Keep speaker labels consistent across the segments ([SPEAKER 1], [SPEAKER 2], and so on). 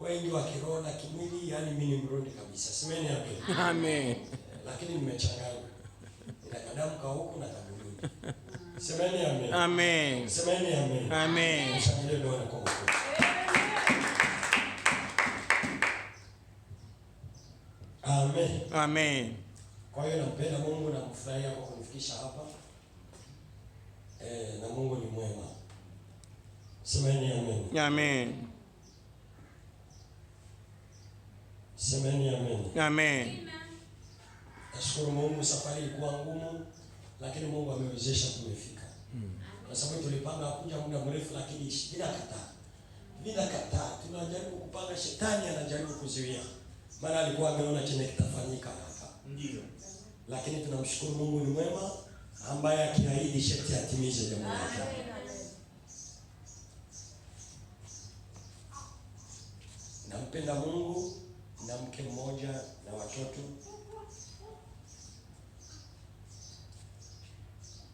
[SPEAKER 1] wengi wa kiroho na kimwili, yani mimi ni Mrundi kabisa, semeni amen. Amen. Lakini nimechanganya, nina kadamu ka huku na kamwili, semeni amen.
[SPEAKER 2] Amen.
[SPEAKER 1] Semeni amen.
[SPEAKER 2] Amen.
[SPEAKER 1] Shangilie Bwana kwa wokovu. Amen.
[SPEAKER 2] Amen.
[SPEAKER 1] Kwa hiyo nampenda Mungu na kufurahia kwa kunifikisha hapa. Eh, na Mungu ni mwema. Semeni amen. Amen. Semeni amen.
[SPEAKER 2] Amen.
[SPEAKER 1] Nashukuru Mungu, safari ilikuwa ngumu, lakini Mungu amewezesha tumefika. Hmm. Kwa sababu tulipanga kuja muda mrefu, lakini bila kata. bila kata tunajaribu kupanga, shetani anajaribu kuzuia, maana alikuwa ameona chenye kitafanyika hapa. Ndio, lakini tunamshukuru Mungu, ni mwema, ambaye akiahidi sharti atimize jambo lake. Nampenda Mungu na mke mmoja na watoto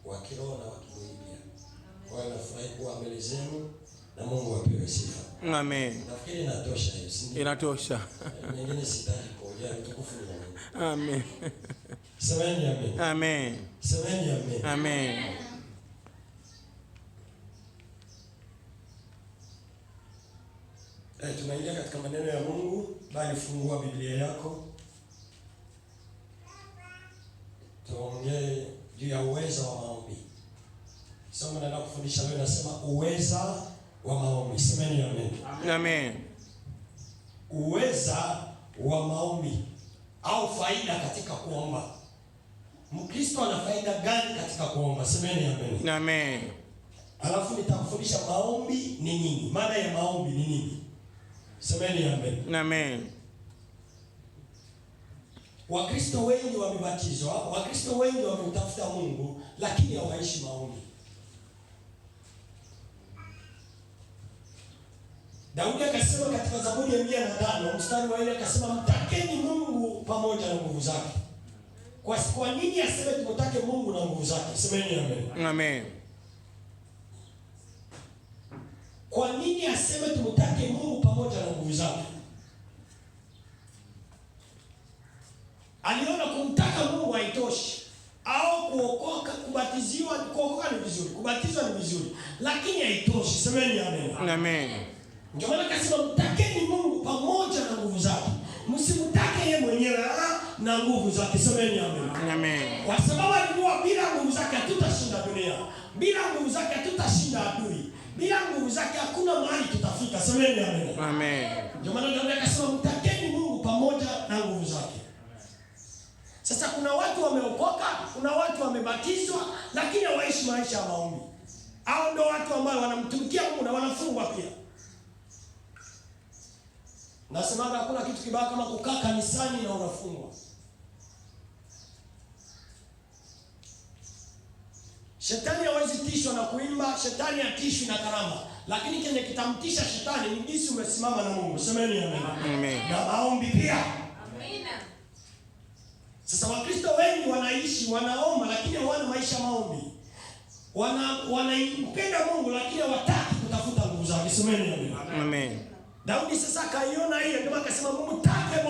[SPEAKER 1] wa kiroho na wa kimwili pia. Kwa hiyo nafurahi kuwa mbele zenu na Mungu apewe sifa. Amen. Nafikiri inatosha hiyo, si
[SPEAKER 2] ndio? Inatosha.
[SPEAKER 1] Mengine eh, sitaki kuongea mtukufu ni Mungu. Amen. Semeni amen. Amen. Semeni amen.
[SPEAKER 2] Amen.
[SPEAKER 1] E, tunaingia katika maneno ya Mungu. Bali fungua Biblia yako tuongee juu ya uweza wa maombi. Somo naenda kufundisha leo nasema uweza wa maombi. Semeni amen. Amen. Uweza wa maombi au faida katika kuomba. Mkristo ana faida gani katika kuomba? Semeni amen. Amen. Alafu nitakufundisha maombi ni nini, maana ya maombi ni nini Semeni amen. Amen. Wakristo wengi wamebatizwa, Wakristo wengi wamemtafuta Mungu lakini hawaishi maombi. Daudi akasema katika Zaburi ya mia na tano mstari wa ile akasema mtakeni Mungu pamoja na nguvu zake. Kwa, kwa nini aseme tumtake Mungu na nguvu zake? Semeni amen. Amen. nini aseme tumtake Mungu pamoja na nguvu zake? Aliona kumtaka Mungu haitoshi, au kuokoka, kubatiziwa, kuokoka ni vizuri, kubatizwa ni vizuri, lakini haitoshi. Semeni amen, amen. Ndio maana kasema mtakeni Mungu pamoja na nguvu zake, msimtake yeye mwenyewe ah, na nguvu zake. Semeni amen, amen, kwa sababu alijua bila nguvu zake hatutashinda dunia, bila nguvu zake hatutashinda zake hakuna mahali tutafika. Semeni amen.
[SPEAKER 2] Amen.
[SPEAKER 1] Ndio maana Daudi akasema mtakeni Mungu pamoja na nguvu zake. Sasa kuna watu wameokoka, kuna watu wamebatizwa, lakini hawaishi maisha ya maombi. Hao ndio watu ambao wanamtumikia Mungu na wanafungwa pia. Nasemaga hakuna kitu kibaya kama kukaa kanisani na unafungwa. Shetani hawezi tishwa na kuimba, shetani hatishwi na karama, lakini kile kitamtisha shetani ni jinsi umesimama na Mungu. Semeni
[SPEAKER 2] amen,
[SPEAKER 1] na maombi pia. Amina. Sasa Wakristo wengi wanaishi wanaomba, lakini hawana maisha maombi, wana wanampenda Mungu lakini hawataki kutafuta nguvu zake. Semeni amen. Daudi sasa kaiona ile ndio akasema Mungu take